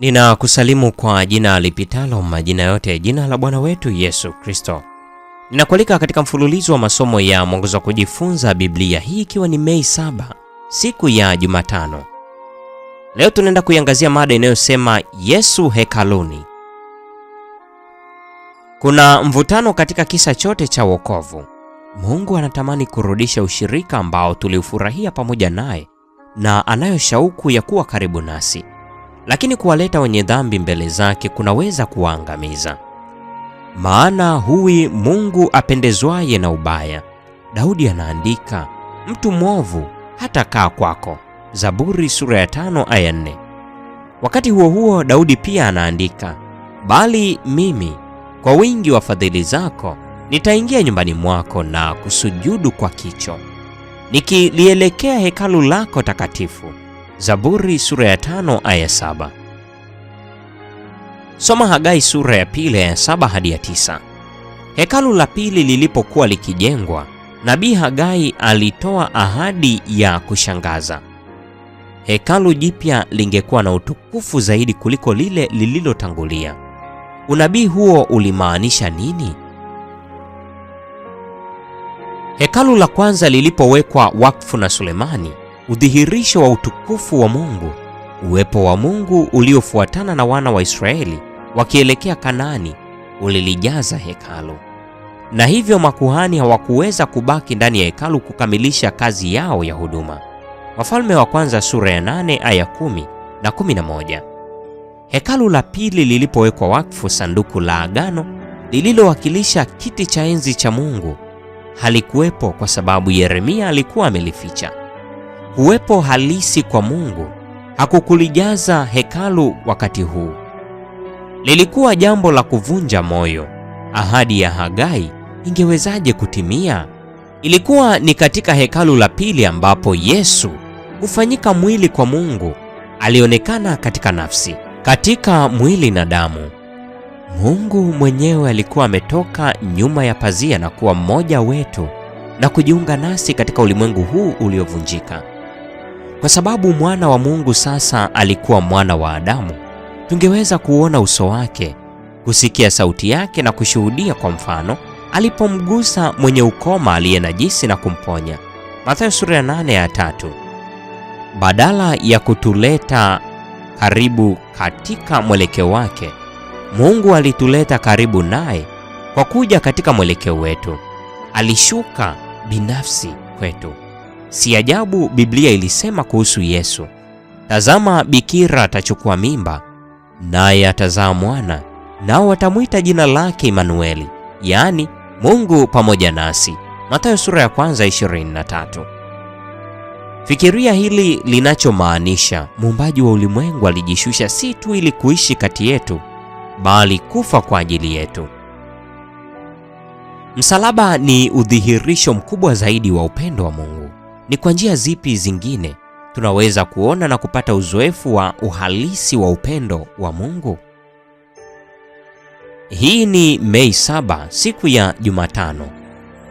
Ninakusalimu kwa jina lipitalo majina yote, jina la Bwana wetu Yesu Kristo. Ninakualika katika mfululizo wa masomo ya mwongozo wa kujifunza Biblia, hii ikiwa ni Mei saba, siku ya Jumatano. Leo tunaenda kuiangazia mada inayosema Yesu hekaluni. Kuna mvutano katika kisa chote cha wokovu. Mungu anatamani kurudisha ushirika ambao tuliufurahia pamoja naye na anayo shauku ya kuwa karibu nasi lakini kuwaleta wenye dhambi mbele zake kunaweza kuwaangamiza. Maana huwi Mungu apendezwaye na ubaya. Daudi anaandika, mtu mwovu hata kaa kwako. Zaburi sura ya tano aya nne. Wakati huo huo, Daudi pia anaandika, bali mimi kwa wingi wa fadhili zako nitaingia nyumbani mwako na kusujudu kwa kicho, nikilielekea hekalu lako takatifu. Zaburi sura ya tano aya saba. Soma Hagai sura ya pili aya saba hadi ya tisa. Hekalu la pili lilipokuwa likijengwa, nabii Hagai alitoa ahadi ya kushangaza. Hekalu jipya lingekuwa na utukufu zaidi kuliko lile lililotangulia. Unabii huo ulimaanisha nini? Hekalu la kwanza lilipowekwa wakfu na Sulemani, udhihirisho wa utukufu wa Mungu, uwepo wa Mungu uliofuatana na wana wa Israeli wakielekea Kanaani ulilijaza hekalu, na hivyo makuhani hawakuweza kubaki ndani ya hekalu kukamilisha kazi yao ya huduma. Wafalme wa Kwanza sura ya nane aya kumi na moja. Hekalu la pili lilipowekwa wakfu, sanduku la agano lililowakilisha kiti cha enzi cha Mungu halikuwepo kwa sababu Yeremia alikuwa amelificha. Kuwepo halisi kwa Mungu hakukulijaza hekalu wakati huu. Lilikuwa jambo la kuvunja moyo. Ahadi ya Hagai ingewezaje kutimia? Ilikuwa ni katika hekalu la pili ambapo Yesu hufanyika mwili kwa Mungu, alionekana katika nafsi, katika mwili na damu. Mungu mwenyewe alikuwa ametoka nyuma ya pazia na kuwa mmoja wetu na kujiunga nasi katika ulimwengu huu uliovunjika. Kwa sababu mwana wa Mungu sasa alikuwa mwana wa Adamu, tungeweza kuona uso wake, kusikia sauti yake na kushuhudia, kwa mfano alipomgusa mwenye ukoma aliye najisi na kumponya, Mathayo sura ya 8 ya tatu. Badala ya kutuleta karibu katika mwelekeo wake, Mungu alituleta karibu naye kwa kuja katika mwelekeo wetu. Alishuka binafsi kwetu. Si ajabu Biblia ilisema kuhusu Yesu, tazama, bikira atachukua mimba, naye atazaa mwana, nao watamwita jina lake Imanueli, yaani Mungu pamoja nasi. Mathayo sura ya kwanza 23. Fikiria hili linachomaanisha. Muumbaji wa ulimwengu alijishusha si tu ili kuishi kati yetu, bali kufa kwa ajili yetu. Msalaba ni udhihirisho mkubwa zaidi wa upendo wa Mungu ni kwa njia zipi zingine tunaweza kuona na kupata uzoefu wa uhalisi wa upendo wa Mungu? Hii ni Mei saba, siku ya Jumatano,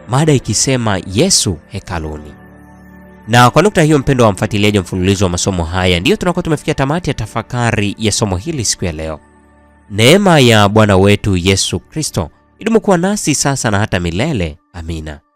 mada ikisema Yesu hekaluni. Na kwa nukta hiyo, mpendo wa mfuatiliaji mfululizo wa masomo haya, ndiyo tunakuwa tumefikia tamati ya tafakari ya somo hili siku ya leo. Neema ya Bwana wetu Yesu Kristo idumu kuwa nasi sasa na hata milele. Amina.